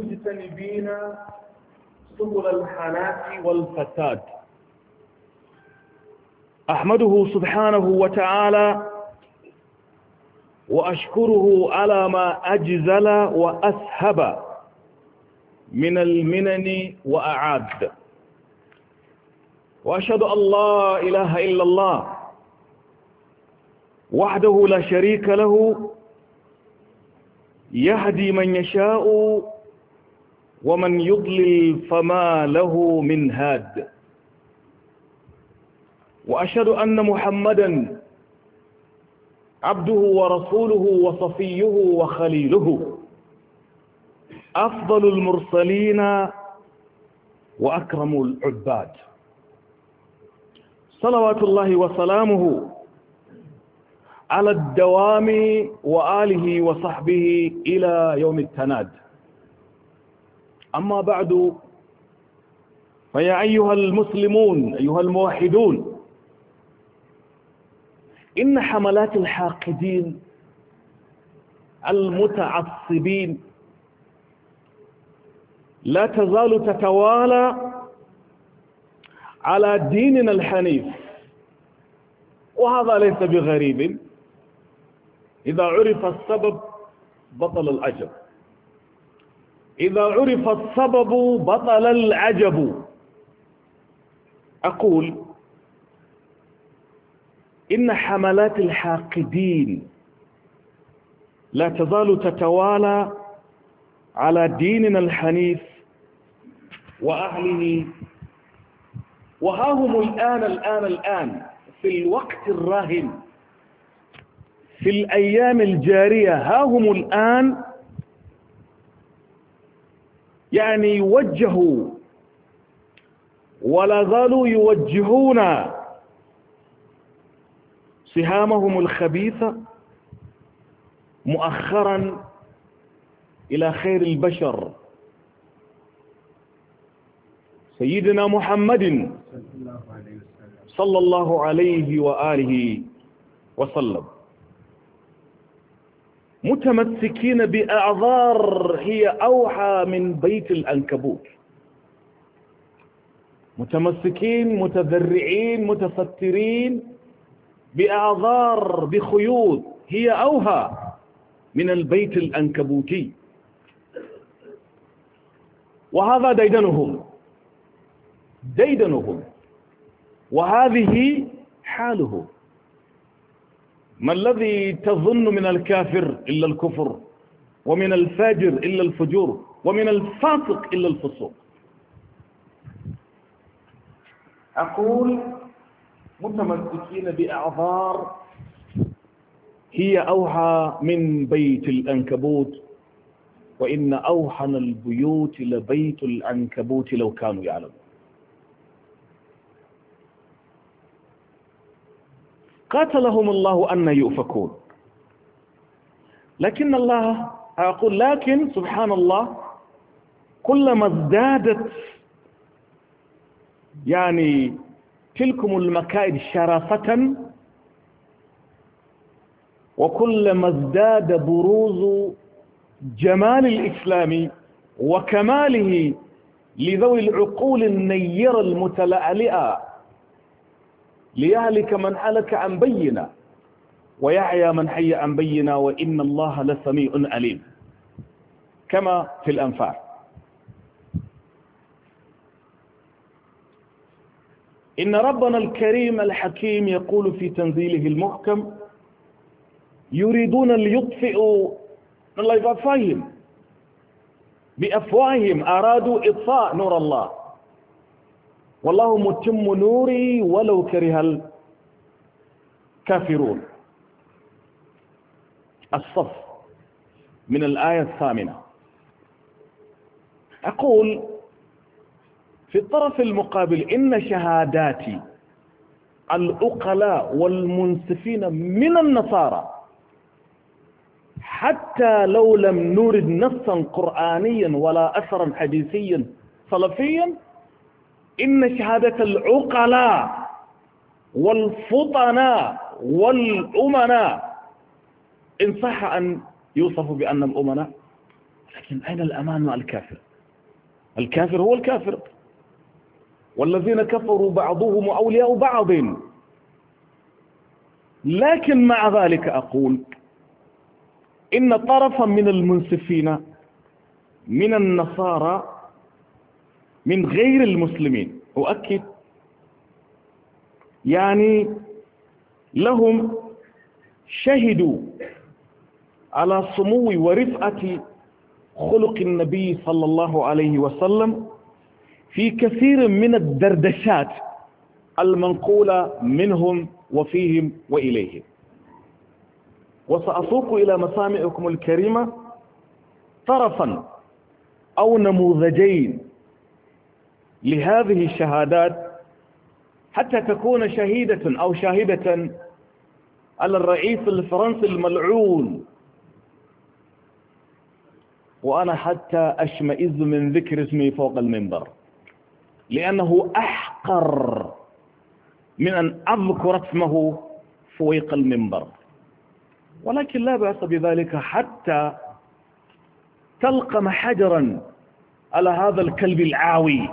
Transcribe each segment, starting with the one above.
مجتنبين سبل الحناء والفساد أحمده سبحانه وتعالى وأشكره على ما أجزل وأسهب من المنن وأعاد وأشهد أن لا إله إلا الله وحده لا شريك له يهدي من يشاء ومن يضلل فما له من هاد وأشهد أن محمدا عبده ورسوله وصفيه وخليله أفضل المرسلين وأكرم العباد صلوات الله وسلامه على الدوام وآله وصحبه إلى يوم التناد أما بعد فيا أيها المسلمون أيها الموحدون إن حملات الحاقدين المتعصبين لا تزال تتوالى على ديننا الحنيف وهذا ليس بغريب إذا عرف السبب بطل الأجر إذا عرف السبب بطل العجب أقول إن حملات الحاقدين لا تزال تتوالى على ديننا الحنيف وأهله وها هم الآن الآن الآن في الوقت الراهن في الأيام الجارية ها هم الآن يعني يوجهوا ولا زالوا يوجهون سهامهم الخبيثة مؤخرا إلى خير البشر سيدنا محمد صلى الله عليه وآله وسلم متمسكين بأعذار هي أوحى من بيت الأنكبوت متمسكين متذرعين متفترين بأعذار بخيوط هي أوحى من البيت الأنكبوتي وهذا ديدنهم ديدنهم وهذه حالهم ما الذي تظن من الكافر إلا الكفر ومن الفاجر إلا الفجور ومن الفاسق إلا الفسوق أقول متمسكين بأعذار هي أوحى من بيت الأنكبوت وإن أوحن البيوت لبيت العنكبوت لو كانوا يعلمون قاتلهم الله أن يؤفكون لكن الله أقول لكن سبحان الله كلما ازدادت يعني تلكم المكائد شرافة وكلما ازداد بروز جمال الإسلام وكماله لذوي العقول النيرة المتلألئة ليهلك من هلك عن بينه ويحيى من حي عن بينا وإن الله لسميع عليم كما في الأنفال إن ربنا الكريم الحكيم يقول في تنزيله المحكم يريدون ليطفئوا الله يفاهم بأفواههم أرادوا إطفاء نور الله والله متم نوري ولو كره الكافرون الصف من الآية الثامنة أقول في الطرف المقابل إن شهاداتي الأقلاء والمنصفين من النصارى حتى لو لم نورد نصا قرآنيا ولا أثرا حديثيا صلفيا إن شهادة العقلاء والفطناء والأمناء إن صح أن يوصف بأنهم أمناء لكن أين الأمان مع الكافر الكافر هو الكافر والذين كفروا بعضهم أولياء بعض لكن مع ذلك أقول إن طرفا من المنصفين من النصارى من غير المسلمين أؤكد يعني لهم شهدوا على سمو ورفعة خلق النبي صلى الله عليه وسلم في كثير من الدردشات المنقولة منهم وفيهم وإليهم وسأسوق إلى مسامعكم الكريمة طرفا أو نموذجين لهذه الشهادات حتى تكون شهيدة أو شاهدة على الرئيس الفرنسي الملعون وأنا حتى أشمئز من ذكر اسمي فوق المنبر لأنه أحقر من أن أذكر اسمه فوق المنبر ولكن لا بأس بذلك حتى تلقم حجرا على هذا الكلب العاوي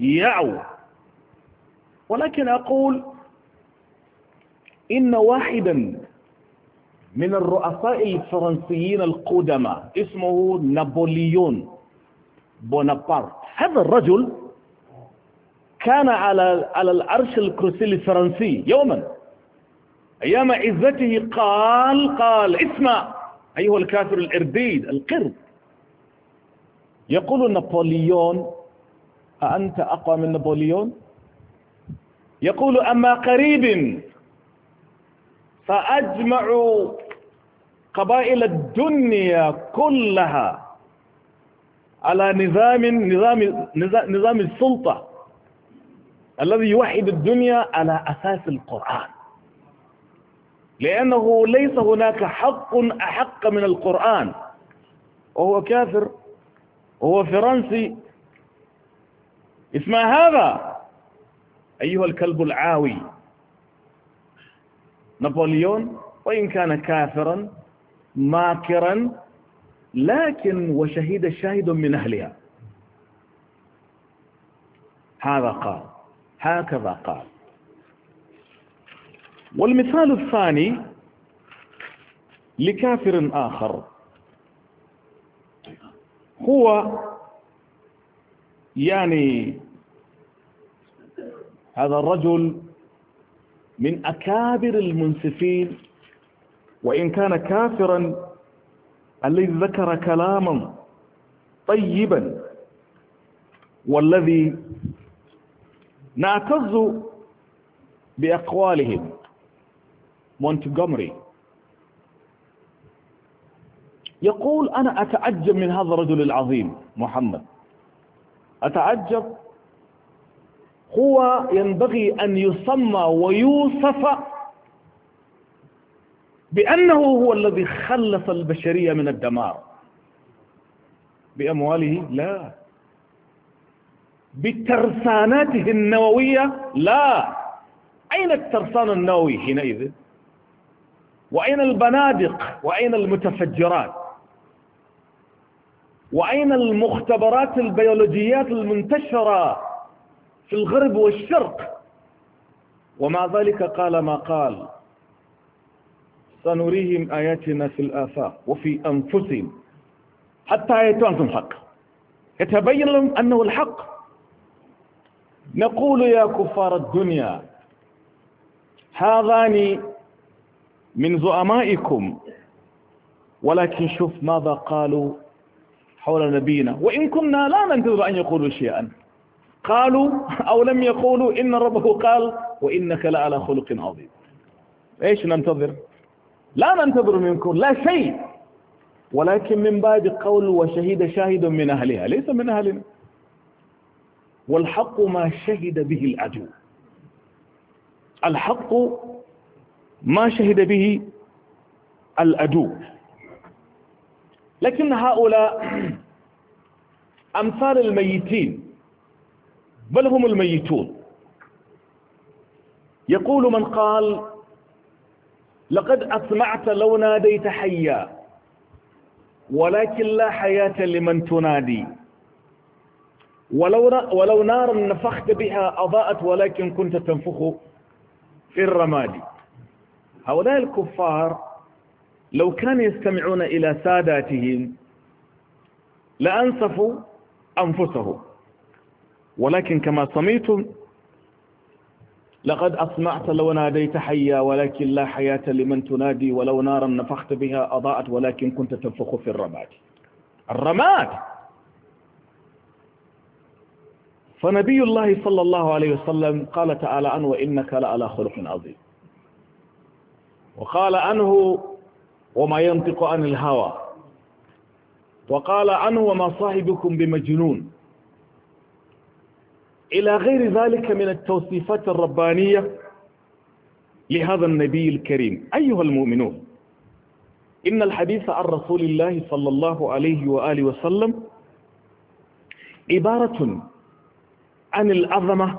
يعو ولكن أقول إن واحدا من الرؤساء الفرنسيين القدماء اسمه نابليون بونابرت هذا الرجل كان على على العرش الكرسي الفرنسي يوما أيام عزته قال قال اسمع أيها الكافر الإرديد القرد يقول نابليون أأنت أقوى من نابليون يقول أما قريب فأجمع قبائل الدنيا كلها على نظام نظام نظام السلطة الذي يوحد الدنيا على أساس القرآن لأنه ليس هناك حق أحق من القرآن وهو كافر وهو فرنسي اسمع هذا أيها الكلب العاوي نابليون وإن كان كافرا ماكرا لكن وشهيد شاهد من أهلها هذا قال هكذا قال والمثال الثاني لكافر آخر هو يعني هذا الرجل من أكابر المنسفين وإن كان كافرا الذي ذكر كلاما طيبا والذي نعتز بأقوالهم مونتجومري يقول أنا أتعجب من هذا الرجل العظيم محمد أتعجب هو ينبغي أن يسمى ويوصف بأنه هو الذي خلص البشرية من الدمار بأمواله لا بترساناته النووية لا أين الترسان النووي حينئذ وأين البنادق وأين المتفجرات وأين المختبرات البيولوجيات المنتشرة في الغرب والشرق ومع ذلك قال ما قال سنريهم آياتنا في الآفاق وفي أنفسهم حتى أنتم الحق يتبين لهم أنه الحق نقول يا كفار الدنيا هذان من زعمائكم ولكن شوف ماذا قالوا حول نبينا وإن كنا لا ننتظر أن يقولوا شيئا قالوا أو لم يقولوا إن ربه قال وإنك لعلى خلق عظيم إيش ننتظر لا ننتظر منكم لا شيء ولكن من باب قول وشهد شاهد من أهلها ليس من أهلنا والحق ما شهد به العدو الحق ما شهد به العدو لكن هؤلاء أمثال الميتين بل هم الميتون يقول من قال لقد أسمعت لو ناديت حيا ولكن لا حياة لمن تنادي ولو, ولو نارا نفخت بها أضاءت ولكن كنت تنفخ في الرماد هؤلاء الكفار لو كانوا يستمعون إلى ساداتهم لأنصفوا أنفسهم ولكن كما سمعتم لقد أسمعت لو ناديت حيا ولكن لا حياة لمن تنادي ولو نارا نفخت بها أضاءت ولكن كنت تنفخ في الرماد الرماد فنبي الله صلى الله عليه وسلم قال تعالى عنه وإنك لألا خلق عظيم وقال عنه وما ينطق عن الهوى وقال عنه وما صاحبكم بمجنون إلى غير ذلك من التوصيفات الربانية لهذا النبي الكريم أيها المؤمنون إن الحديث عن رسول الله صلى الله عليه وآله وسلم عبارة عن العظمة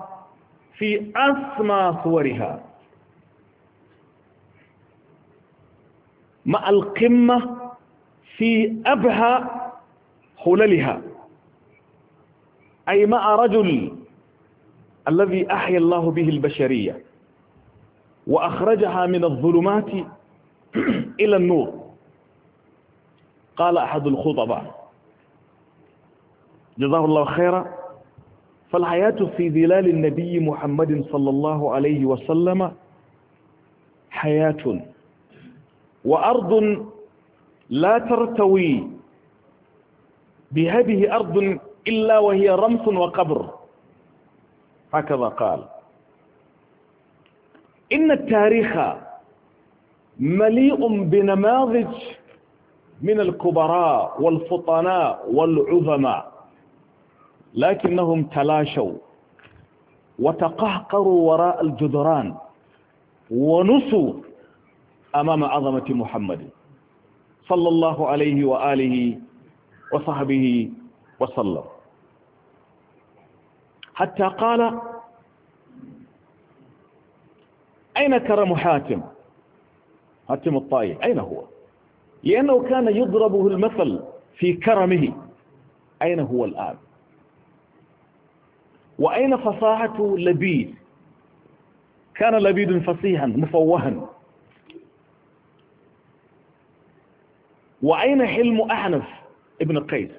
في أسمى صورها مع القمة في أبهى حللها أي مع رجل الذي أحيا الله به البشرية وأخرجها من الظلمات إلى النور قال أحد الخطباء جزاه الله خيرا فالحياة في ظلال النبي محمد صلى الله عليه وسلم حياة وأرض لا ترتوي بهذه أرض إلا وهي رمس وقبر هكذا قال إن التاريخ مليء بنماذج من الكبراء والفطناء والعظماء لكنهم تلاشوا وتقهقروا وراء الجدران ونسوا أمام عظمة محمد صلى الله عليه وآله وصحبه وسلم حتى قال أين كرم حاتم حاتم الطائي أين هو لأنه كان يضربه المثل في كرمه أين هو الآن وأين فصاحة لبيد كان لبيد فصيحا مفوها وأين حلم أحنف ابن قيس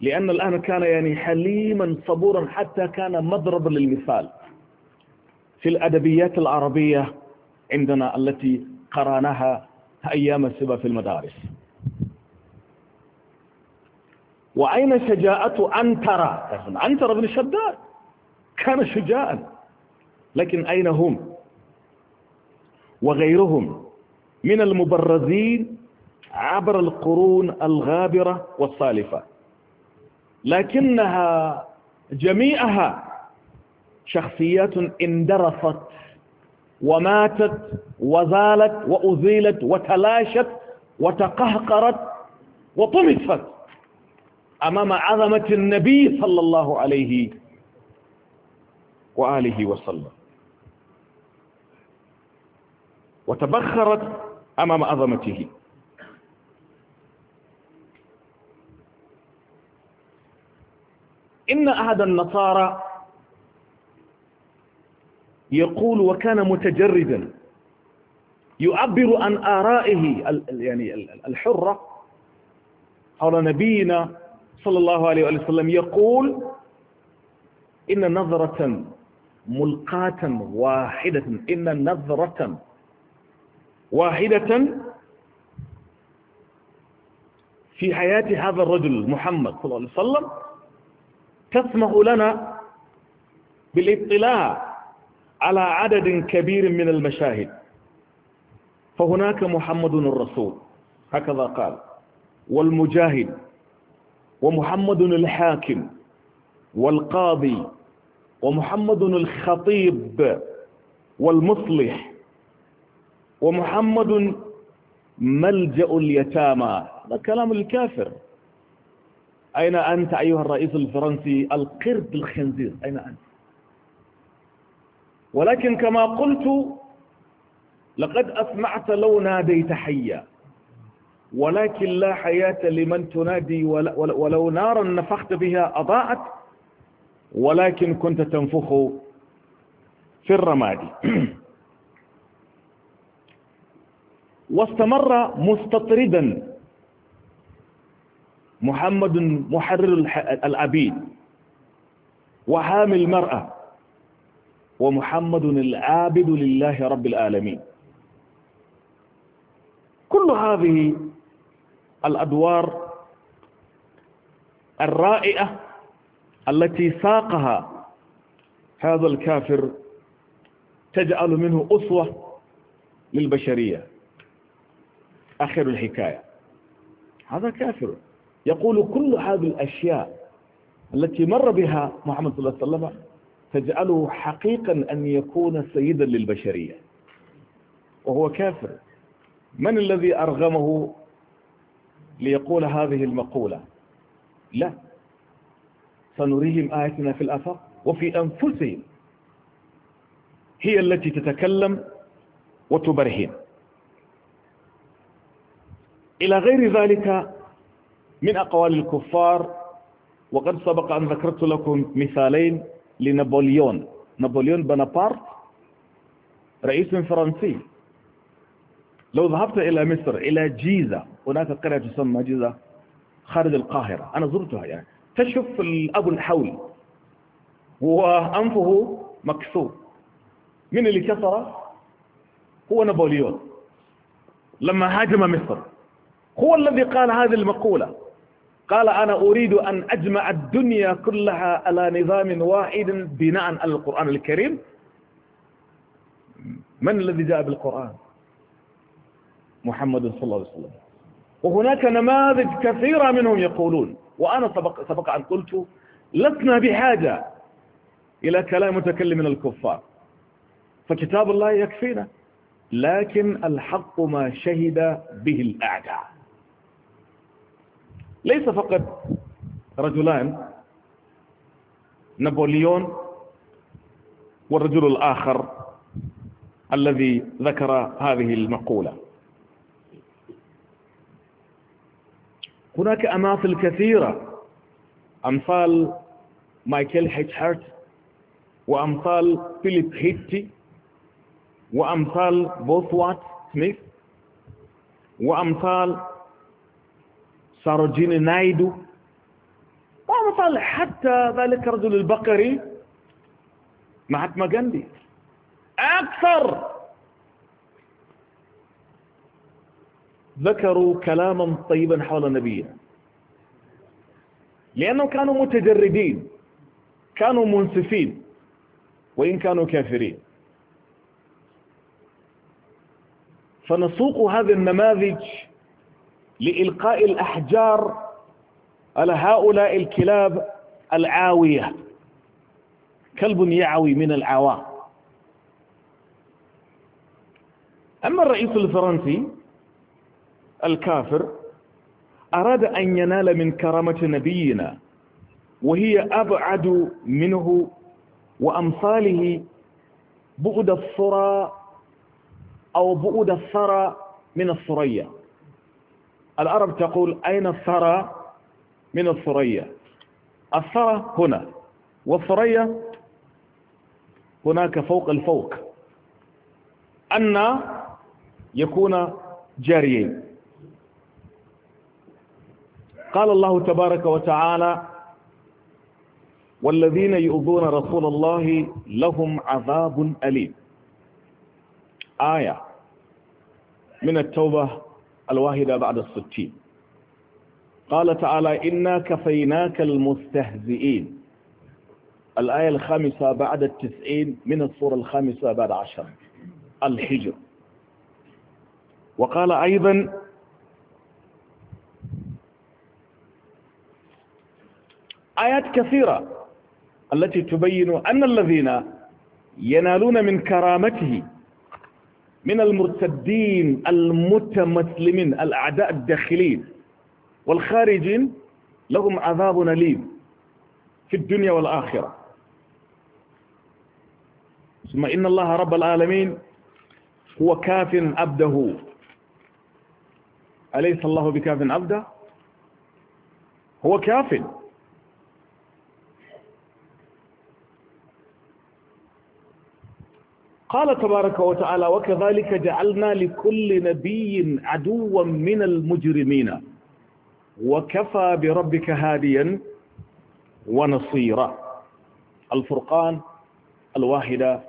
لأن الآن كان يعني حليما صبورا حتى كان مضربا للمثال في الأدبيات العربية عندنا التي قرانها أيام السبا في المدارس وأين شجاعة أنترى أنترى بن شداد كان شجاعا لكن أين هم وغيرهم من المبرزين عبر القرون الغابرة والصالفة لكنها جميعها شخصيات اندرست وماتت وزالت وأزيلت وتلاشت وتقهقرت وطمست أمام عظمة النبي صلى الله عليه وآله وسلم وتبخرت أمام عظمته إن أحد النصارى يقول وكان متجردا يعبر عن آرائه يعني الحرة حول نبينا صلى الله عليه وسلم يقول إن نظرة ملقاة واحدة إن نظرة واحدة في حياة هذا الرجل محمد صلى الله عليه وسلم تسمح لنا بالاطلاع على عدد كبير من المشاهد فهناك محمد الرسول هكذا قال والمجاهد ومحمد الحاكم والقاضي ومحمد الخطيب والمصلح ومحمد ملجأ اليتامى هذا كلام الكافر أين أنت أيها الرئيس الفرنسي القرد الخنزير أين أنت ولكن كما قلت لقد أسمعت لو ناديت حيا ولكن لا حياة لمن تنادي ولو نارا نفخت بها أضاءت ولكن كنت تنفخ في الرماد واستمر مستطردا محمد محرر العبيد وحامي المرأة ومحمد العابد لله رب العالمين كل هذه الأدوار الرائعة التي ساقها هذا الكافر تجعل منه أسوة للبشرية آخر الحكاية هذا كافر يقول كل هذه الأشياء التي مر بها محمد صلى الله عليه وسلم تجعله حقيقا أن يكون سيدا للبشرية وهو كافر من الذي أرغمه ليقول هذه المقولة لا سنريهم آياتنا في الآفاق وفي أنفسهم هي التي تتكلم وتبرهن إلى غير ذلك من أقوال الكفار وقد سبق أن ذكرت لكم مثالين لنابليون نابليون بنابارت رئيس فرنسي لو ذهبت إلى مصر إلى جيزة هناك قرية تسمى جيزة خارج القاهرة أنا زرتها يعني تشوف الأب الحول وأنفه مكسور من اللي كسره هو نابليون لما هاجم مصر هو الذي قال هذه المقولة قال أنا أريد أن أجمع الدنيا كلها على نظام واحد بناء على القرآن الكريم من الذي جاء بالقرآن محمد صلى الله عليه وسلم وهناك نماذج كثيرة منهم يقولون وأنا سبق, سبق أن قلت لسنا بحاجة إلى كلام متكلم من الكفار فكتاب الله يكفينا لكن الحق ما شهد به الأعداء ليس فقط رجلان نابليون والرجل الآخر الذي ذكر هذه المقولة هناك أماثل كثيرة أمثال مايكل هيتشارت وأمثال فيليب هيتي وأمثال بوثوات سميث وأمثال صاروا جيني نايدو ما طالع حتى ذلك رجل البقري ما جندي أكثر ذكروا كلاما طيبا حول النبي لأنهم كانوا متجردين كانوا منصفين وإن كانوا كافرين فنسوق هذه النماذج لإلقاء الأحجار على هؤلاء الكلاب العاوية كلب يعوي من العواء أما الرئيس الفرنسي الكافر أراد أن ينال من كرامة نبينا وهي أبعد منه وأمثاله بعد الثرى أو بعد الثرى من الثريا العرب تقول أين الثرى من الثريا الثرى هنا والثريا هناك فوق الفوق أن يكون جاريين قال الله تبارك وتعالى والذين يؤذون رسول الله لهم عذاب أليم آية من التوبة الواحدة بعد الستين قال تعالى إنا كفيناك المستهزئين الآية الخامسة بعد التسعين من الصورة الخامسة بعد عشر الحجر وقال أيضا آيات كثيرة التي تبين أن الذين ينالون من كرامته من المرتدين المتمسلمين الأعداء الداخلين والخارجين لهم عذاب أليم في الدنيا والآخرة ثم إن الله رب العالمين هو كاف عبده أليس الله بكاف عبده هو كاف قال تبارك وتعالى وكذلك جعلنا لكل نبي عدوا من المجرمين وكفى بربك هاديا ونصيرا الفرقان الواحدة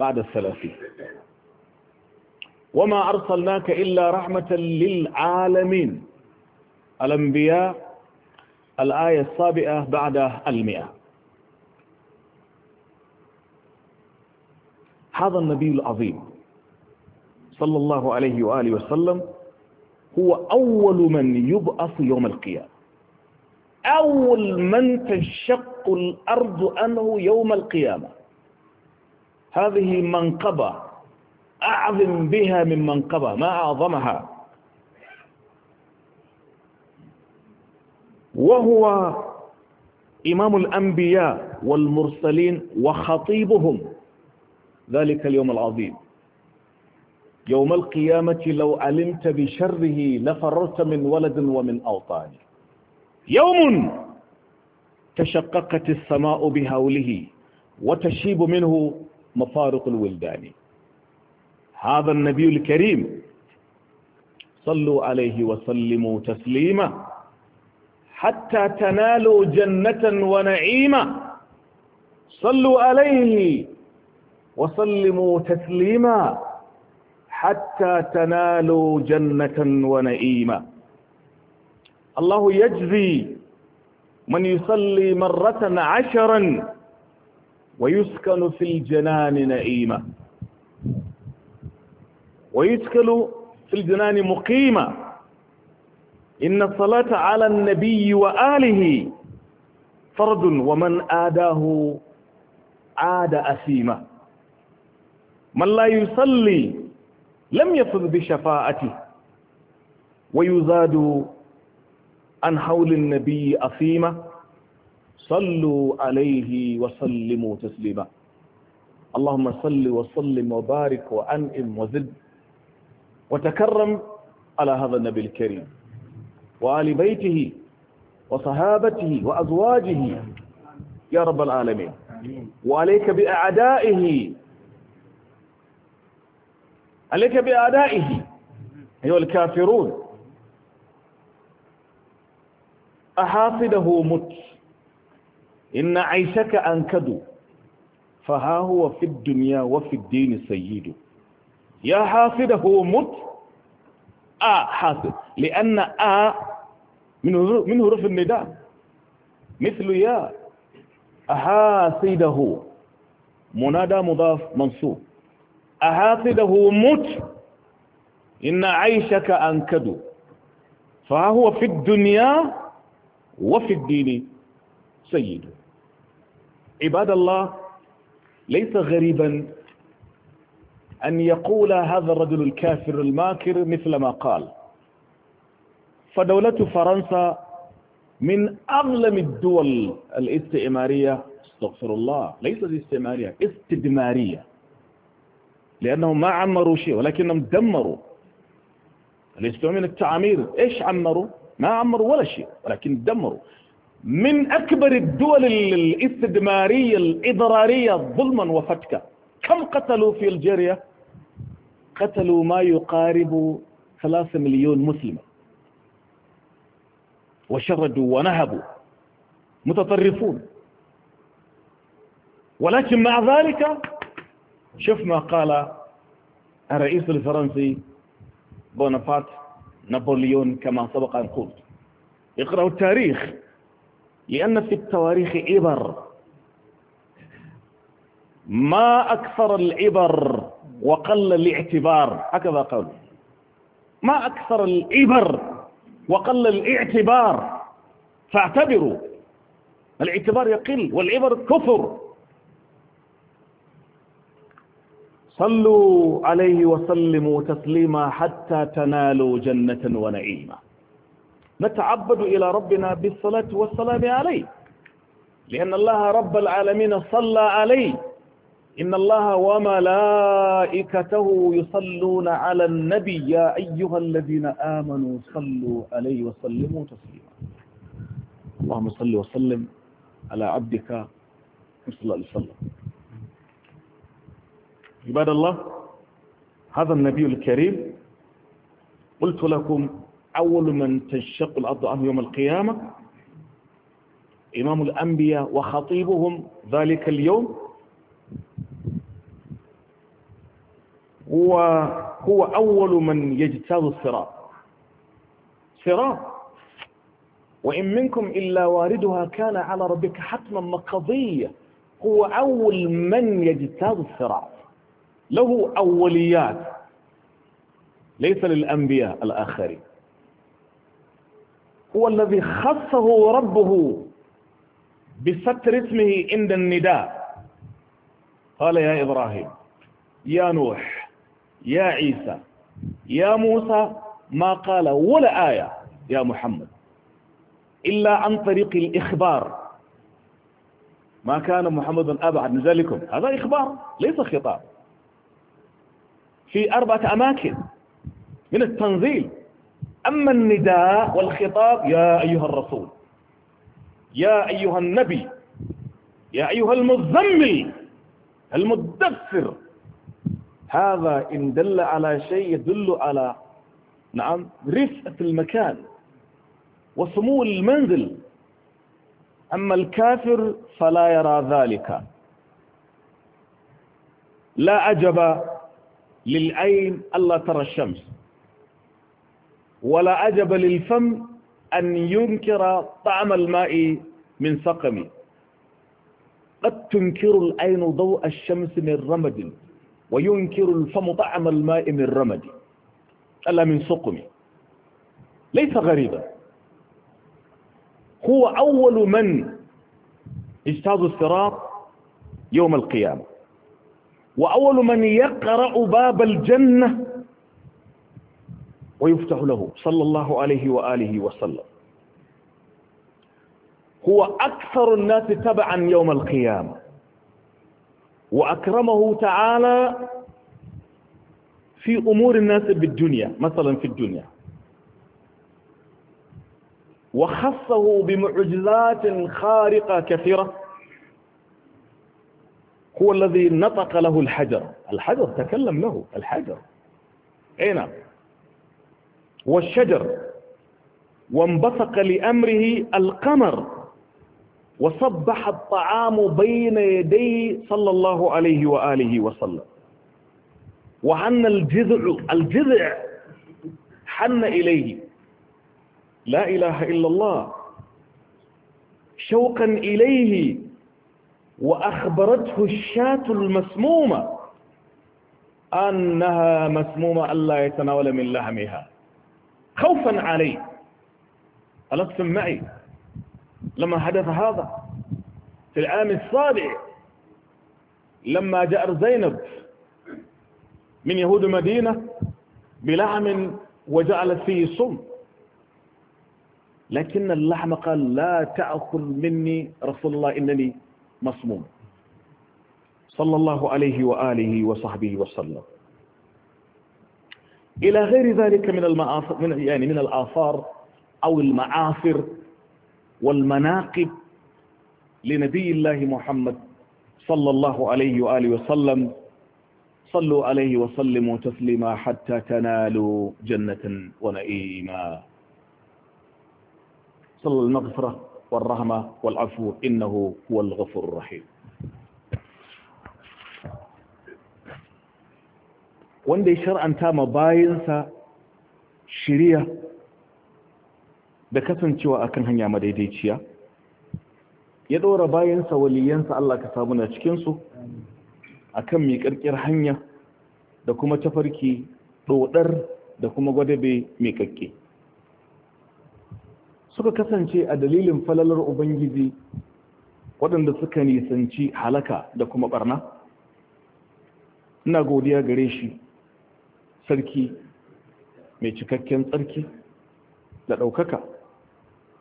بعد الثلاثين وما أرسلناك إلا رحمة للعالمين الأنبياء الآية السابعة بعد المئة هذا النبي العظيم صلى الله عليه وآله وسلم هو أول من يبعث يوم القيامة أول من تنشق الأرض عنه يوم القيامة هذه منقبة أعظم بها من منقبة ما أعظمها وهو إمام الأنبياء والمرسلين وخطيبهم ذلك اليوم العظيم يوم القيامة لو علمت بشره لفررت من ولد ومن أوطان يوم تشققت السماء بهوله وتشيب منه مفارق الولدان هذا النبي الكريم صلوا عليه وسلموا تسليما حتى تنالوا جنة ونعيما صلوا عليه وسلموا تسليما حتى تنالوا جنة ونئيما الله يجزي من يصلي مرة عشرا ويسكن في الجنان نئيما ويسكن في الجنان مقيما إن الصلاة على النبي وآله فرد ومن آداه عاد أثيما من لا يصلي لم يفض بشفاعته ويزاد عن حول النبي أثيمة صلوا عليه وسلموا تسليما اللهم صل وسلم وبارك وأنئم وزد وتكرم على هذا النبي الكريم وآل بيته وصحابته وأزواجه يا رب العالمين وعليك بأعدائه عليك بأدائه أيها الكافرون أحافظه مت إن عيشك أنكد فها هو في الدنيا وفي الدين سيد يا حافظه مت آ حافظ لأن آ من هروف النداء مثل يا أحافظه منادى مضاف منصوب أهاطده مت إن عيشك أنكد فهو في الدنيا وفي الدين سيد عباد الله ليس غريبا أن يقول هذا الرجل الكافر الماكر مثل ما قال فدولة فرنسا من أظلم الدول الاستعمارية استغفر الله ليست استعمارية استدمارية لأنهم ما عمروا شيء ولكنهم دمروا الاستواء من التعامير إيش عمروا؟ ما عمروا ولا شيء ولكن دمروا من أكبر الدول الاستدمارية الإضرارية ظلما وفتكا كم قتلوا في الجيريا؟ قتلوا ما يقارب ثلاثة مليون مسلم وشردوا ونهبوا متطرفون ولكن مع ذلك شوف ما قال الرئيس الفرنسي بونابرت نابليون كما سبق أن قلت اقرأوا التاريخ لأن في التواريخ عبر ما أكثر العبر وقل الاعتبار هكذا قول ما أكثر العبر وقل الاعتبار فاعتبروا الاعتبار يقل والعبر كثر صلوا عليه وسلموا تسليما حتى تنالوا جنة ونعيما نتعبد إلى ربنا بالصلاة والسلام عليه لأن الله رب العالمين صلى عليه إن الله وملائكته يصلون على النبي يا أيها الذين آمنوا صلوا عليه وسلموا تسليما اللهم صل وسلم على عبدك صلى الله عليه وسلم عباد الله هذا النبي الكريم قلت لكم أول من تنشق الأرض عنه يوم القيامة إمام الأنبياء وخطيبهم ذلك اليوم هو هو أول من يجتاز الصراط صراط وإن منكم إلا واردها كان على ربك حتما مقضية هو أول من يجتاز الصراط له أوليات ليس للأنبياء الآخرين هو الذي خصه ربه بستر اسمه عند النداء قال يا إبراهيم يا نوح يا عيسى يا موسى ما قال ولا آية يا محمد إلا عن طريق الإخبار ما كان محمد أبعد من ذلكم هذا إخبار ليس خطاب في أربعة أماكن من التنزيل أما النداء والخطاب يا أيها الرسول يا أيها النبي يا أيها المزمل المدثر هذا إن دل على شيء يدل على نعم رفقة المكان وسمو المنزل أما الكافر فلا يرى ذلك لا عجب للعين ألا ترى الشمس ولا عجب للفم أن ينكر طعم الماء من سقم قد تنكر العين ضوء الشمس من رمد وينكر الفم طعم الماء من رمد ألا من سقم ليس غريبا هو أول من اجتاز الصراط يوم القيامة وأول من يقرأ باب الجنة ويفتح له صلى الله عليه وآله وسلم هو أكثر الناس تبعا يوم القيامة وأكرمه تعالى في أمور الناس بالدنيا مثلا في الدنيا وخصه بمعجزات خارقة كثيرة هو الذي نطق له الحجر الحجر تكلم له الحجر اي نعم والشجر وانبثق لأمره القمر وصبح الطعام بين يديه صلى الله عليه وآله وسلم وحن الجذع الجذع حن إليه لا إله إلا الله شوقا إليه وأخبرته الشاة المسمومة أنها مسمومة ألا يتناول من لحمها خوفا عليه ألقتم معي لما حدث هذا في العام السابع لما جأر زينب من يهود مدينة بلحم وجعلت فيه صم لكن اللحم قال لا تأخذ مني رسول الله إنني مصموم صلى الله عليه وآله وصحبه وسلم إلى غير ذلك من المعاصر من يعني من الآثار أو المعاصر والمناقب لنبي الله محمد صلى الله عليه وآله وسلم صلوا عليه وسلموا تسليما حتى تنالوا جنة ونعيما صلى المغفرة والرحمة والعفو إنه هو الغفور الرحيم wanda ya shar'anta ma bayansa shiriya da kasancewa akan hanya madaidaiciya ya ɗora bayansa waliyyansa Allah ka samu na cikinsu akan mai ƙarƙir hanya da kuma tafarki ɗoɗar da kuma gwadabe mai ƙaƙƙe suka kasance a dalilin falalar ubangiji waɗanda suka nisanci halaka da kuma ɓarna ina godiya gare shi sarki mai cikakken tsarki da ɗaukaka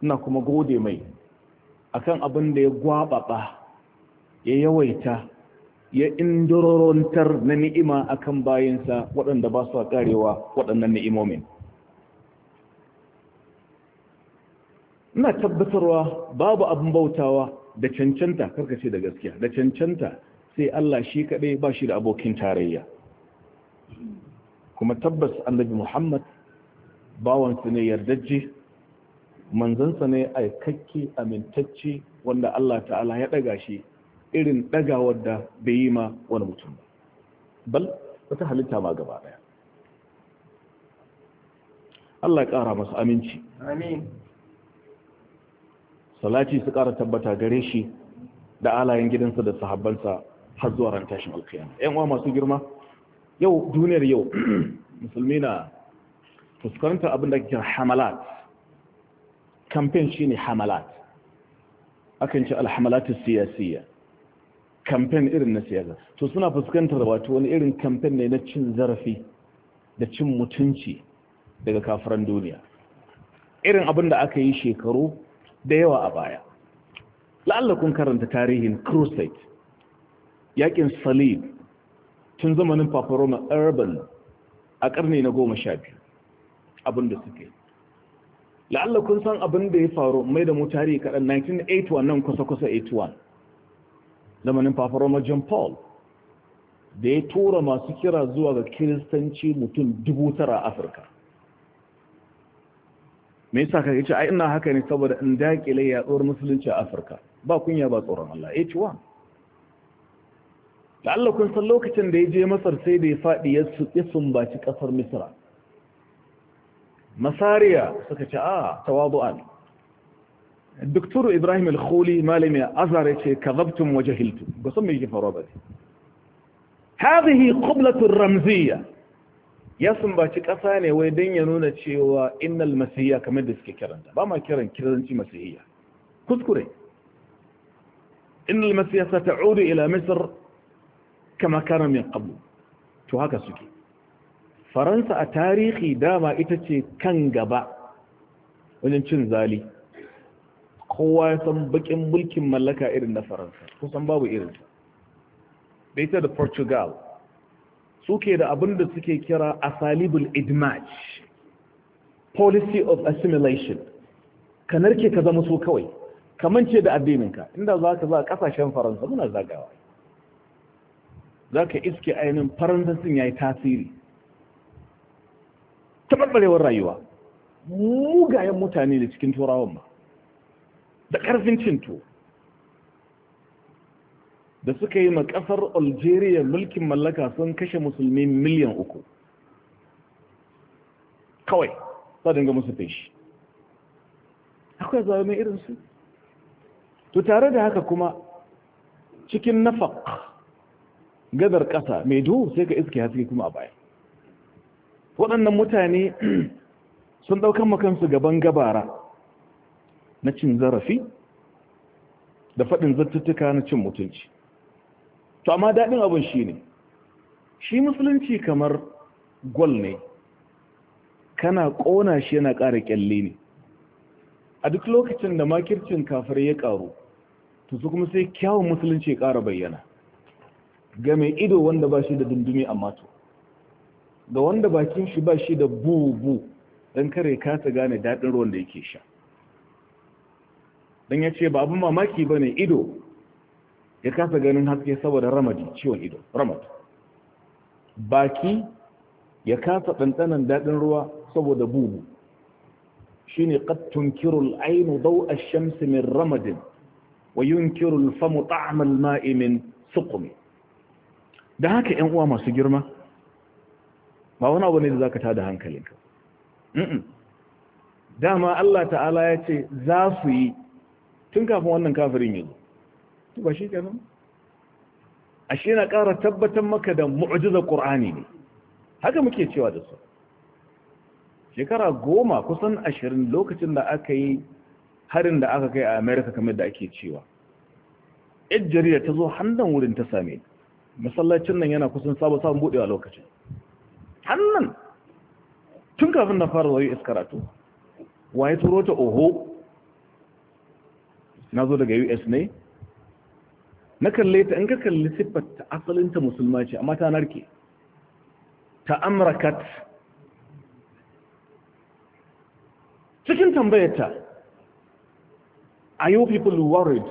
ina kuma gode mai a kan abin da ya gwaɓaɓa ya yawaita ya indororontar na ni'ima akan bayansa waɗanda ba su a ƙarewa waɗannan ni'imomin ina tabbatarwa babu abin bautawa da cancanta karka ce da gaskiya da cancanta sai Allah shi kaɗai ba shi da abokin tarayya kuma tabbas annabi Muhammad bawansa ne yardajje manzansa ne aikakke amintacce wanda Allah ta'ala ya ɗaga shi irin ɗagawar da bai yi ma wani mutum bal wata halitta ma gaba ɗaya Allah ya ƙara masa aminci amin salati su ƙara tabbata gare shi da alayen gidansa da sahabbansa har zuwa ran tashin alkiyama yan uwa masu girma yau duniyar yau musulmi na fuskantar abin da kira hamalat shi ne hamalat akan ce alhamalat siyasiyya kamfen irin na siyasa to suna fuskantar wato wani irin kamfen ne na cin zarafi da cin mutunci daga kafiran duniya irin abin da aka yi shekaru da yawa a baya la'allakun karanta tarihin crusade yakin Salim tun zamanin paparoma urban a ƙarni na goma sha biyu abinda suke la'allakun san abin da ya faru mai da mu tarihi kaɗan 1981 nan kusa-kusa 81 zamanin paparoma john paul da ya tura masu kira zuwa ga kiristanci mutum dubu tara a afirka me yasa ka yace ai ina haka ne saboda in dakile yaduwar musulunci a Afirka ba kunya ba tsoron Allah eh H1 Allah kun san lokacin da yaje Masar sai da ya fadi ya sumbaci kasar Misra Masariya suka ce a tawadu'an doktor Ibrahim Al-Khuli malami azare ce kadabtum wa jahiltum ba san me yake faruwa ba qiblatu قبلة رمزية ya sumbaci ƙasa ne wai don ya nuna cewa innal masihiya kamar da suke kiranta ba ma kiran kiranci masihiya kuskure innal masihiya sa ta'udu ila misr kama kana min qablu to haka suke faransa a tarihi dama ita ce kan gaba wajen cin zali kowa ya san bakin mulkin mallaka irin na faransa kusan babu irinsa da ita da portugal suke da abin da suke kira asalibul idmaj policy of assimilation ka narke ka zama so kawai kamance da addininka inda za ka za kasashen faransa muna zagawa za ka iske ainihin faransansin ya yi tasiri ɓarɓarewar rayuwa mugayen mutane da cikin turawan ma da ƙarfin cinto da suka yi ma ƙasar algeria mulkin mallaka sun kashe musulmi miliyan uku kawai sadin ga musu feshi akwai zaune irinsu to tare da haka kuma cikin nafaq gadar ƙasa mai duhu sai ka iske haske kuma a baya waɗannan mutane sun ɗaukan makansu gaban gabara na cin zarafi da faɗin zartuttuka na cin mutunci to amma daɗin abin shi ne shi musulunci kamar gwal ne kana ƙona shi yana ƙara ƙyalle ne a duk lokacin da makircin kafar ya ƙaru to su kuma sai kyawun musulunci ya ƙara bayyana ga mai ido wanda ba shi da dundumi a mato ga wanda bakin shi ba shi da bubu don kare kasa gane daɗin ruwan da yake sha don ya ce ba abin mamaki ba ne ido ya kasa ganin haske saboda ramadi ciwon ido ramad baki ya kasa ɗanɗanan daɗin ruwa saboda buhu. shi ne ƙattun kirul ainu dau a shamsi min ramadin wa yun kirul famu ta'amal maimin sukumi da haka ‘yan uwa masu girma ba wani abu ne da za ka tada hankalinka dama Allah ta'ala ya ce za su yi tun kafin wannan kafirin zo. ba shi kenan ashe yana ƙara tabbatar maka da mu'jizar qur'ani ne haka muke cewa da su shekara goma kusan ashirin lokacin da aka yi harin da aka kai a america kamar da ake cewa yan jarida ta zo hannun wurin ta same masallacin nan yana kusan sabon sabon budewa lokacin hannun tun kafin na fara zai iskaratu waye turo ta oho na zo daga us ne na kalle ta in ka kalli siffarta asalinta musulma ce amma ta narke ta amrakat cikin tambayarta are you people worried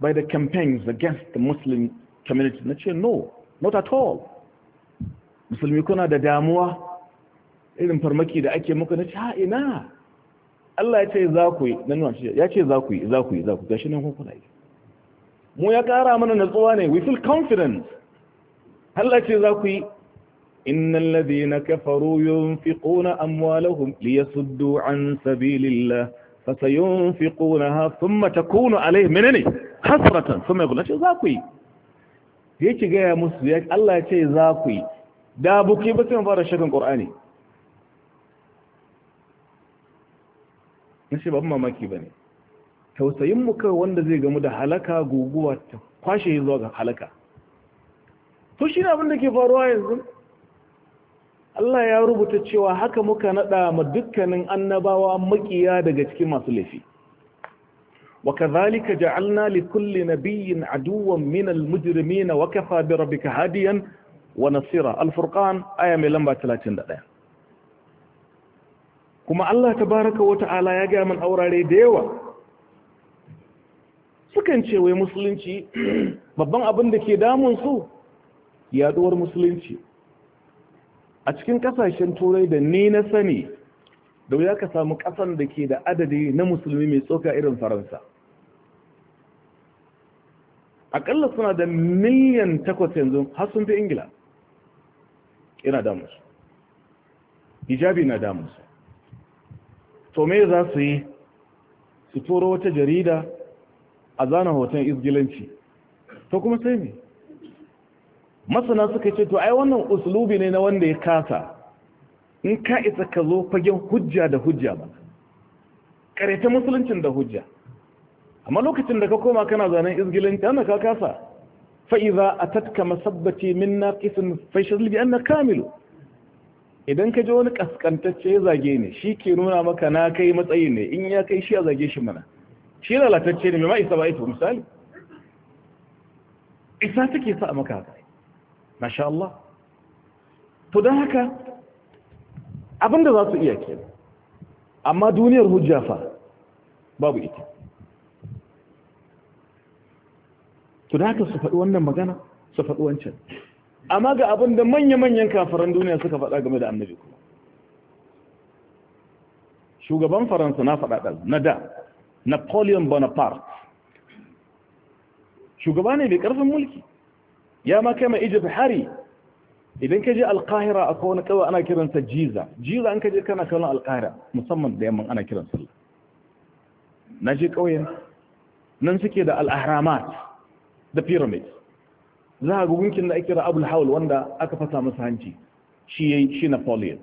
by the campaigns against the muslim community na ce no not at all musulmi kuna da damuwa irin farmaki da ake muka na ce ha ina Allah ya ce za ku yi na nuna ya ce za ku yi za ku yi za ku gashi nan kuna yi mu ya ƙara mana natsuwa ne we feel confident Allah ce za ku yi innal ladina kafaru yunfiquna amwalahum liyasuddu an sabilillah fasayunfiqunaha thumma takunu alayhim menene hasratan thumma yaqulu ce za ku yi yake ga ya musu ya Allah ce za ku yi da buki ba sai fara shakan Na nashi ba mamaki ba ne. tausayin mu wanda zai gamu da halaka guguwa ta kwashe zuwa ga halaka to shi abin da ke faruwa yanzu Allah ya rubuta cewa haka muka nada ma dukkanin annabawa makiya daga cikin masu laifi wa kadhalika ja'alna li kulli nabiyyin aduwwan min al-mujrimin wa kafa bi rabbika hadiyan wa nasira al-furqan aya mai lamba 31 kuma Allah tabaaraka wa ta'ala ya ga mun aurare da yawa sukan ce wai musulunci babban abin da ke damun su yaduwar musulunci a cikin kasashen turai da ni na sani da wuya ka samu kasan da ke da adadi na musulmi mai tsoka irin faransa akalla suna da miliyan takwas yanzu har sun fi ingila ina damunsu hijabi na damunsu to me za su yi su turo wata jarida a zana hoton isgilanci to kuma sai ne masana suka ce to ai wannan uslubi ne na wanda ya kasa in ka isa ka zo fagen hujja da hujja ba kareta musuluncin da hujja amma lokacin da ka koma kana zanen isgilanci ana ka kasa fa'iza a tatka masabbaci min na kisin faishar an na kamilu idan ka ji wani kaskantacce zage ne shi ke nuna maka na kai matsayi ne in ya kai shi a zage shi mana shi lalatacce ne mai ma isa ba ita misali isa take sa a maka haka masha Allah to don haka abinda za su iya ke amma duniyar hujja fa babu ita to don haka su faɗi wannan magana su faɗi wancan amma ga abinda manya-manyan kafaran duniya suka faɗa game da annabi kuma shugaban faransa na faɗaɗa na da napoleon bonaparte shugaba ne mai karfin mulki ya ma kai ma egypt hari idan ka je alkahira a wani kawai ana kiransa jiza jiza an ka je kana kallon alkahira musamman da yamman ana kiransa sallah na je ƙauyen nan suke da al'ahramat da pyramid za a gunkin da ake da abul hawl wanda aka fasa masa hanci shi shi napoleon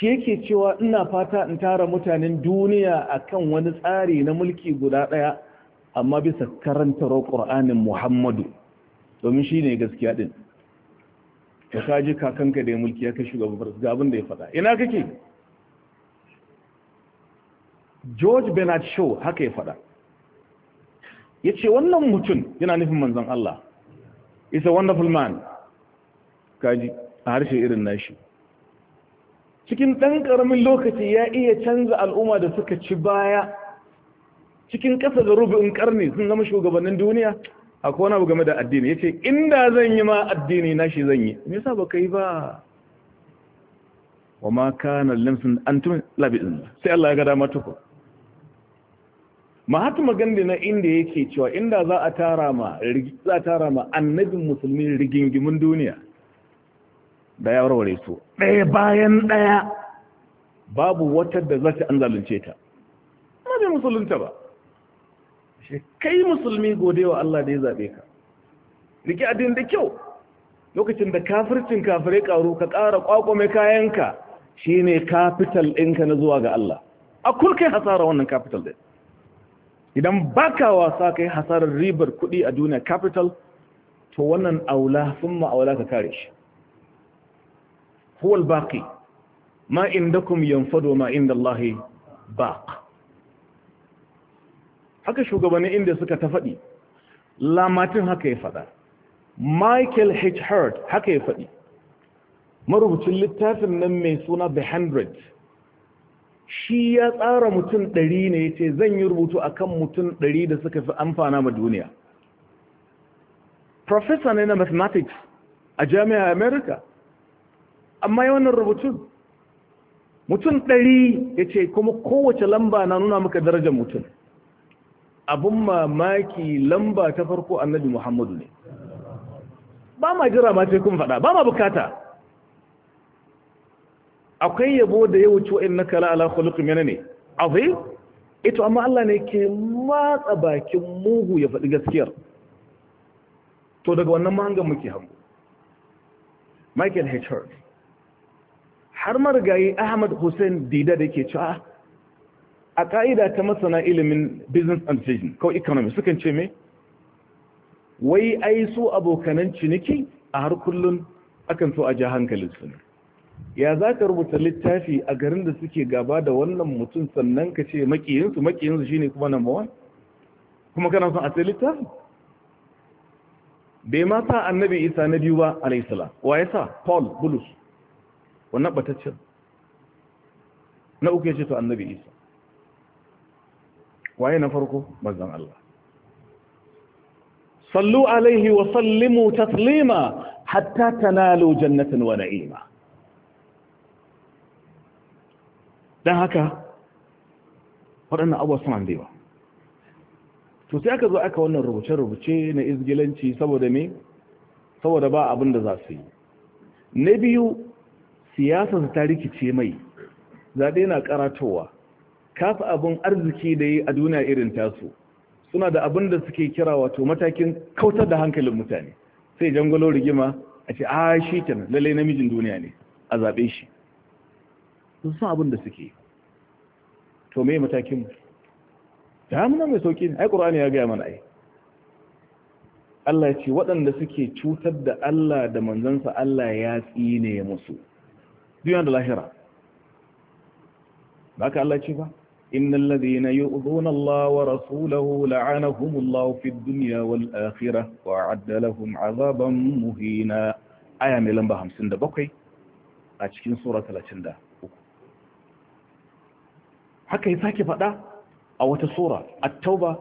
shi yake cewa ina fata in tara mutanen duniya akan wani tsari na mulki guda ɗaya amma bisa karanta ƙur'anin muhammadu domin shi ne gaskiya ɗin ka ji kakanka da ya mulki ya kai shugabar ga abin da ya faɗa ina kake george bernard shaw haka ya faɗa ya ce wannan mutum yana nufin manzon allah is a wonderful man kaji a harshe irin nashi cikin ɗan ƙaramin lokaci ya iya canza al'umma da suka ci baya cikin ƙasa da rubin ƙarni sun zama shugabannin duniya a kona game da addini ya ce inda zan yi ma addini na shi zan yi me ba ka yi ba wa ma ka kana lamsin antum labi'in sai Allah ya ga dama mahatma gandhi na inda yake cewa inda za a tara ma annabin musulmi rigingimin duniya da ya warware su ɗaya bayan ɗaya babu wata da za ta an zalunce ta mabe musulunta ba shi kai musulmi gode wa Allah da ya zaɓe ka rike addini da kyau lokacin da kafircin kafirai ƙaru ka ƙara mai kayanka shi ne kafital ɗinka na zuwa ga Allah a kurkai hasara wannan kafital ɗin idan baka wasa ka yi hasarar ribar kuɗi a duniya kafital to wannan aula sun ma'aula ka kare shi huwal baqi ma indakum yanfado ma inda Allahi baq haka shugabannin inda suka ta faɗi lamatin haka ya faɗa michael h hart haka ya faɗi marubucin littafin nan mai suna the hundred shi ya tsara mutum ɗari ne ya ce zan yi rubutu a kan mutum ɗari da suka fi amfana ma duniya professor ne na mathematics a jami'a america amma yi wannan rubutun mutum ɗari ya ce kuma kowace lamba na nuna maka darajar mutum abin mamaki lamba ta farko annabi muhammadu ne ba ma jira ma sai kun faɗa ba ma bukata akwai yabo da ya wuce wa'in na kala ala khuluqin yana ne azim ito eh amma Allah ne ke matsa bakin mugu ya faɗi gaskiyar to daga wannan mahangan muke hango Michael H. Hurd har marigayi ahmad hussein dida da ke cewa a ƙa'ida ta masana ilimin business and vision ko economy sukan ce me wai ai su abokanan ciniki a har kullum akan so a ja hankalinsu ne ya za ka rubuta littafi a garin da suke gaba da wannan mutum sannan ka ce makiyinsu makiyinsu shi ne kuma number one kuma kana son a sai littafi bai ma annabi isa na biyu ba alaihissalam wa ya sa paul bulus wannan bataccen na uku ya ce to annabi isa waye na farko manzon Allah sallu alaihi wa sallimu taslima hatta tanalu jannatan wa na'ima dan haka waɗannan abuwa sun da yawa to sai aka zo aka wannan rubuce-rubuce na izgilanci saboda me saboda ba abin da za su yi na biyu siyasarsa ta rikice mai zaɓe na karatowa kafa abin arziki da yi a duniya irin tasu suna da abin da suke kira wato matakin kautar da hankalin mutane sai jangolo rigima a ce a ah, shi kenan lalai namijin duniya ne a zaɓe shi su san abin da suke to me matakin mu da hamuna mai sauƙi ne ai ƙur'ani ya gaya mana ai Allah ce waɗanda suke cutar da Allah da manzansa Allah ya tsine musu duniya da lahira ba ka Allah ce ba innal ladhina yu'dhuna Allah wa rasulahu la'anahum Allah fid dunya wal akhirah wa a'adda lahum 'adaban muhina aya mai lamba 57 a cikin sura 33 haka ya sake faɗa a wata sura at-tauba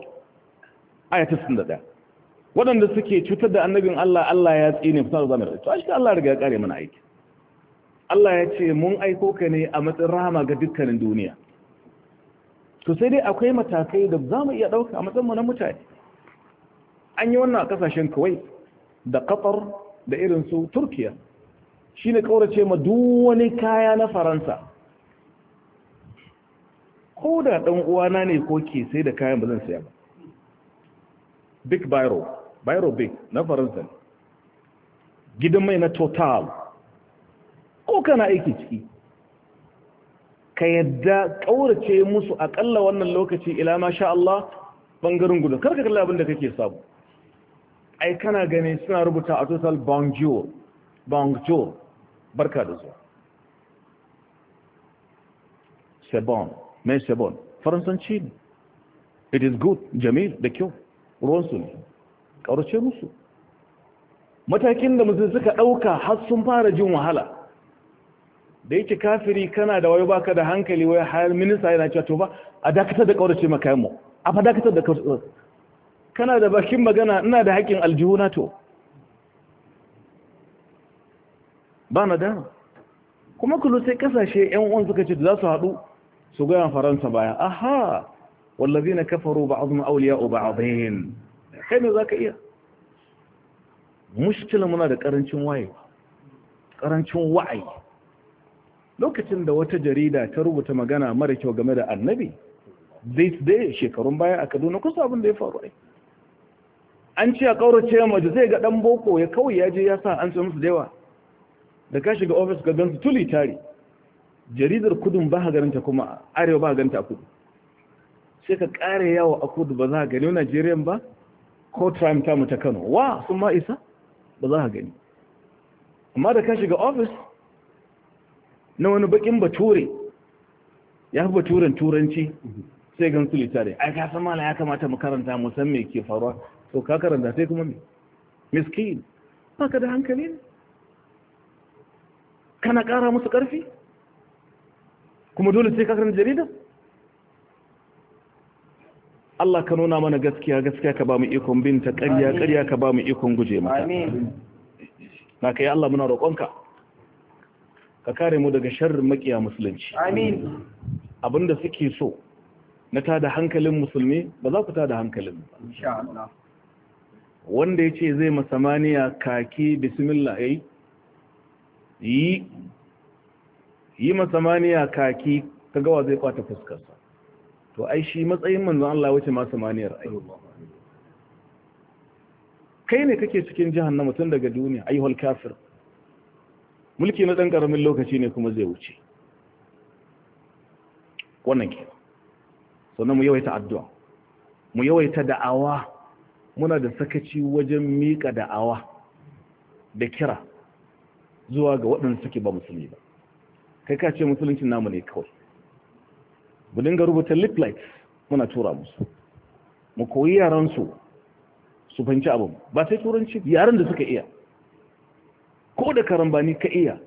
aya ta 61 waɗanda suke cutar da annabin Allah Allah ya tsine fitar da zamir to shi Allah riga ya kare mana aiki Allah ya ce mun aiko ka ne a matsayin rahama ga dukkanin duniya to sai dai akwai matakai da za mu iya ɗauka a matsayin na mutane an yi wannan a ƙasashen kawai da ƙafar da irin su turkiya shi ne ƙaurace ma duk wani kaya na faransa ko da ɗan uwana ne ko ke sai da kayan ba zan saya ba big biro biro big na faransa gidan mai na total na aiki ciki ka yadda ƙaurace musu aƙalla wannan lokaci ila sha Allah ɓangaren gudu karka kalli abin da kake samu ai kana gani suna rubuta a total bonjour bonjour barka da zuwa sebon mai sebon faransanci ne it is good jamil da kyau ruwansu ne ƙaurace musu matakin da mutum suka ɗauka har sun fara jin wahala da yake kafiri kana da wayo baka da hankali wai har minista yana cewa to ba a dakatar da kaurace maka mu a fa dakatar da kaurace kana da bakin magana ina da haƙin aljihuna to ba na dama kuma kullu sai kasashe yan uwan suka ce za su haɗu su gaya faransa baya aha wallazina kafaru ba'dhum awliya'u ba'dhin kai ne zaka iya mushkila muna da karancin wayewa karancin wa'ayi lokacin da wata jarida ta rubuta magana mara kyau game da annabi this day shekarun baya a kaduna kusa abin da ya faru ai an ce a kaurace mace zai ga dan boko ya kawai ya je ya sa an musu dawa? da ka shiga ofis ga gansu tuli tari jaridar kudun ba garanta kuma arewa ba garanta a kudu sai ka kare yawo a kudu ba za ka gani Najeriya ba ko time ta mu ta Kano wa sun ma isa ba za ka gani amma da ka shiga ofis na wani bakin bature ya fi baturen turanci sai gan su littare ai ka san mala ya kamata mu karanta mu san me ke faruwa to ka karanta sai kuma me miskin ka da hankali ne kana ƙara musu ƙarfi kuma dole sai ka karanta jarida Allah ka nuna mana gaskiya gaskiya ka ba mu ikon binta ƙarya ƙarya ka ba mu ikon guje mata na kai Allah muna roƙonka ka kare mu daga sharrin makiya musulunci amin abinda suke so na tada hankalin musulmi ba za ku tada hankalin insha Allah wanda yace zai masamaniya kaki bismillah yayi yi yi masamaniya kaki kaga wa zai kwata fuskar sa to ai shi matsayin manzon Allah wace masamaniyar ai kai ne kake cikin jahannama tun daga duniya ayyuhal kafir mulki na ɗan ƙaramin lokaci ne kuma zai wuce wannan ke sannan mu yawaita addu'a mu yawaita da'awa muna da sakaci wajen miƙa da'awa da kira zuwa ga waɗanda suke ba musulmi ba kai ka ce musulunci namu ne kawai mu dinga rubuta leaflet muna tura musu mu koyi yaransu su fahimci abin ba sai turanci yaran da suka iya ko da karambani ka iya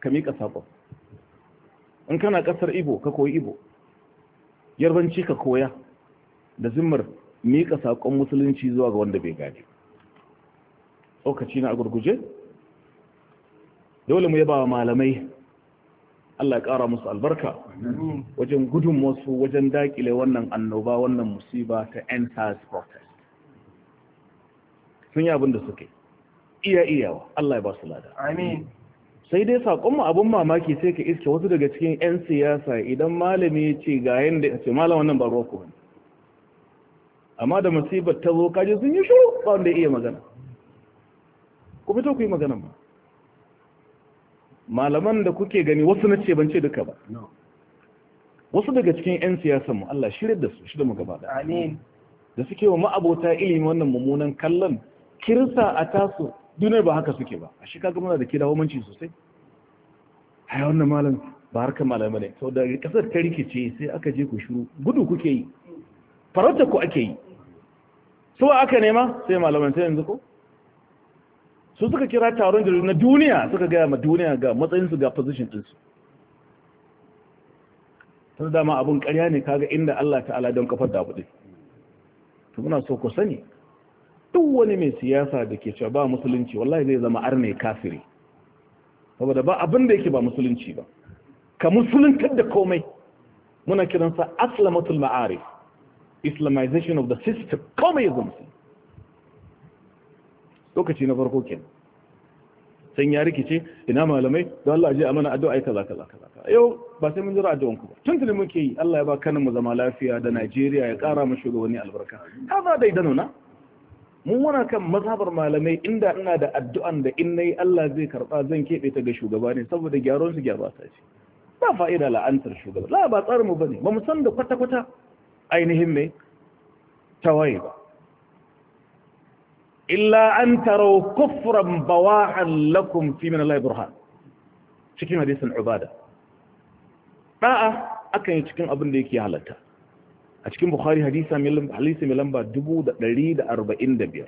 ka miƙa saƙon in kana ƙasar ibo ka koyi ibo yarbanci ka koya da zimmar miƙa saƙon musulunci zuwa ga wanda bai gane tsokaci na a gurguje dole mu yaba malamai Allah ya ƙara musu albarka wajen gudun wasu wajen daƙile wannan annoba wannan musiba ta end protest sun yi abin da suke iya iyawa Allah ya ba su lada amin sai dai sakon abun mamaki sai ka iske wasu daga cikin 'yan siyasa idan malami ya ce ga yanda ya ce malam wannan ba roko ne amma da musibar ta zo kaji sun yi shuru ba wanda iya magana ku fito ku yi magana ba malaman da kuke gani wasu na ce ban ce duka ba wasu daga cikin 'yan siyasan mu Allah shirye da su shi da mu gaba da amin da suke wa ma'abota ilimi wannan mummunan kallon kirsa a taso Duniya ba haka suke ba a shekaru muna da ke da wamanci sosai yawon na malam ba harkar malamai ne sau da kasar ta rikice sai aka je ku shiru gudu kuke yi farauta ku ake yi su ba aka nema sai malamai sai yanzu ko su suka kira taron jaridu na duniya suka gaya ma duniya ga matsayinsu ga position ɗinsu ta dama abin karya ne kaga inda Allah ta'ala don kafar da abuɗe to muna so ku sani duk wani mai siyasa da ke cewa ba musulunci wallahi zai zama arne kafiri saboda ba abin da yake ba musulunci ba ka musuluntar da komai muna kiransa aslamatul ma'arif islamization of the system komai yanzu lokaci na farko kenan sai ya rikice ina malamai da Allah aje a mana addu'a kaza kaza kaza yau ba sai mun jira addu'an ku ba tun tuni muke yi Allah ya ba kanin mu zama lafiya da Najeriya ya kara mu wani albarka kaza dai nuna? mun muna kan mazhabar malamai inda ina da addu'an da in nayi Allah zai karba zan kebe ta ga shugaba ne saboda gyaron su gyara ta ce ba fa'ida la'antar shugaba la ba tsarin mu bane ba mu san da kwata kwata ainihin me tawaye ba illa an taro kufran bawahan lakum fi min Allah burhan cikin hadisin ubada da'a akan yi cikin abin da yake halatta a cikin bukhari hadisa hadisi mai lamba 145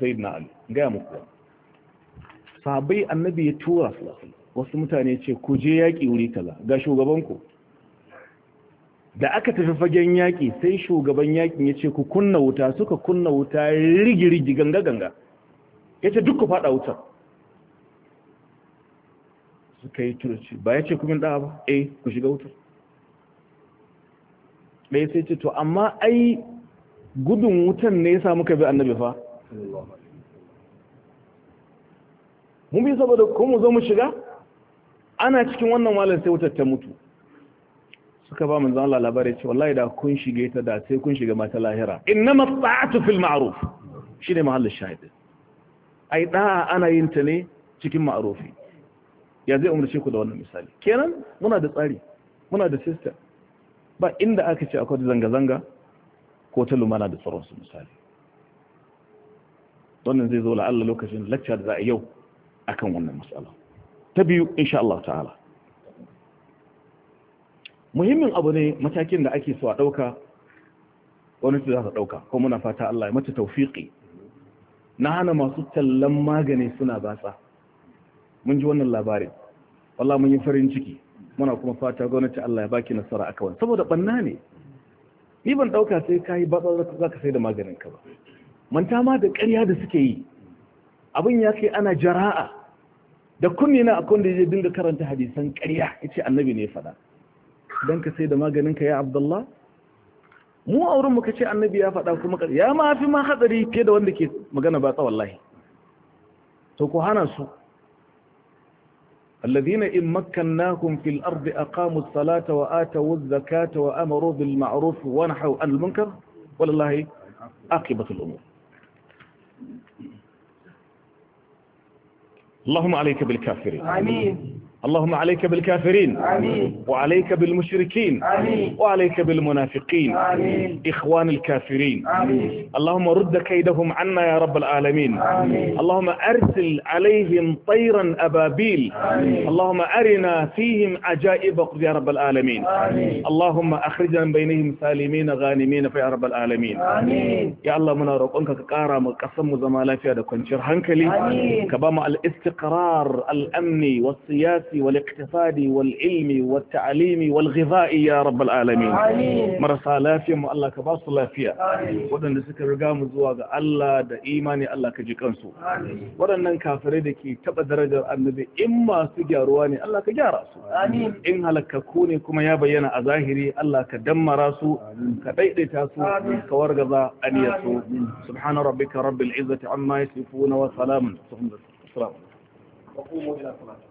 sayid na ali gaya muku sabai annabi ya tura su wasu mutane ce ku je yaƙi wuri kaza ga shugabanku da aka tafi fagen yaƙi sai shugaban yaƙin ya ce ku kunna wuta suka kunna wuta rigirigi ganga-ganga ya ce duk ku faɗa wutar suka yi turci ba ya ce kumin ɗaya ba eh ku shiga wutar ɗaya sai ce to amma ai gudun wutan ne yasa muka bi annabi fa mun bi saboda ko mu zo mu shiga ana cikin wannan malar sai wutar ta mutu suka ba manzon Allah labari ce wallahi da kun shige ta da sai kun shiga mata lahira innama ta'atu fil ma'ruf shine mahallin shahid ai da'a ana yin ta ne cikin ma'rufi ya zai umarce ku da wannan misali kenan muna da tsari muna da system ba inda aka ce akwai zanga-zanga ko ta lumana da su misali wannan zai zo la'alla lokacin lacca da za a yau akan wannan matsala ta biyu insha Allah ta'ala muhimmin abu ne matakin da ake so a ɗauka wani su za ta ɗauka ko muna fata Allah ya mata taufiƙi na hana masu tallan magani suna batsa mun ji wannan labarin wallah mun yi farin ciki muna kuma fata gwamnati Allah ya baki nasara a kawai saboda banna ne ni ban ɗauka sai ka yi batsar za ka sai da maganin ka ba manta ma da ƙarya da suke yi abin ya kai ana jara'a da kunni na akon da ya dinga karanta hadisan ƙarya ya ce annabi ne faɗa don ka sai da maganin ka ya abdullah mu a wurin muka ce annabi ya faɗa kuma ya ma ma hatsari fiye da wanda ke magana ba wallahi. to ku hana su الذين إن مكناهم في الأرض أقاموا الصلاة وآتوا الزكاة وأمروا بالمعروف ونحوا عن المنكر ولله عاقبة الأمور اللهم عليك بالكافرين آمين اللهم عليك بالكافرين آمين. وعليك بالمشركين آمين. وعليك بالمنافقين آمين. إخوان الكافرين آمين. اللهم رد كيدهم عنا يا رب العالمين آمين. اللهم أرسل عليهم طيرا أبابيل آمين. اللهم أرنا فيهم عجائبك يا رب العالمين آمين. اللهم أخرجنا من بينهم سالمين غانمين يا رب العالمين آمين. يا الله منا أرقونك كارا مقسم زمالا هذا كنشر هنكلي كبام الاستقرار الأمني والسياسي والاقتصاد والعلم والتعليم والغذاء يا رب العالمين مرسى لافيا ما الله كباس لافيا ودن سكر رقام زواج الله دا إيماني الله كجيكنسو ودن كافر دكي تبا درجة النبي إما سجارواني الله كجاراسو إن هلك كوني كما يبين أظاهري الله كدمراسو كبيتاسو كورغضا أنيسو سبحان ربك رب العزة عما يصفون وسلام السلام وقوموا إلى صلاتكم